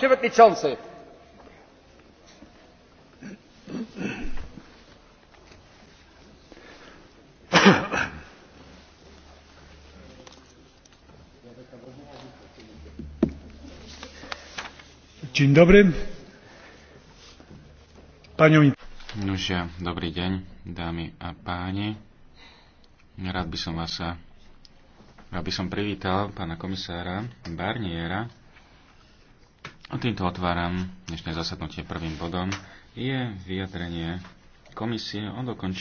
Przewodniczący! Dzień dobry. Panią... Nuže, dobrý deň, dámy a páni. Rád by som vás rád by som privítal pána komisára Barniera, a týmto otváram dnešné zasadnutie prvým bodom je vyjadrenie komisie o dokončení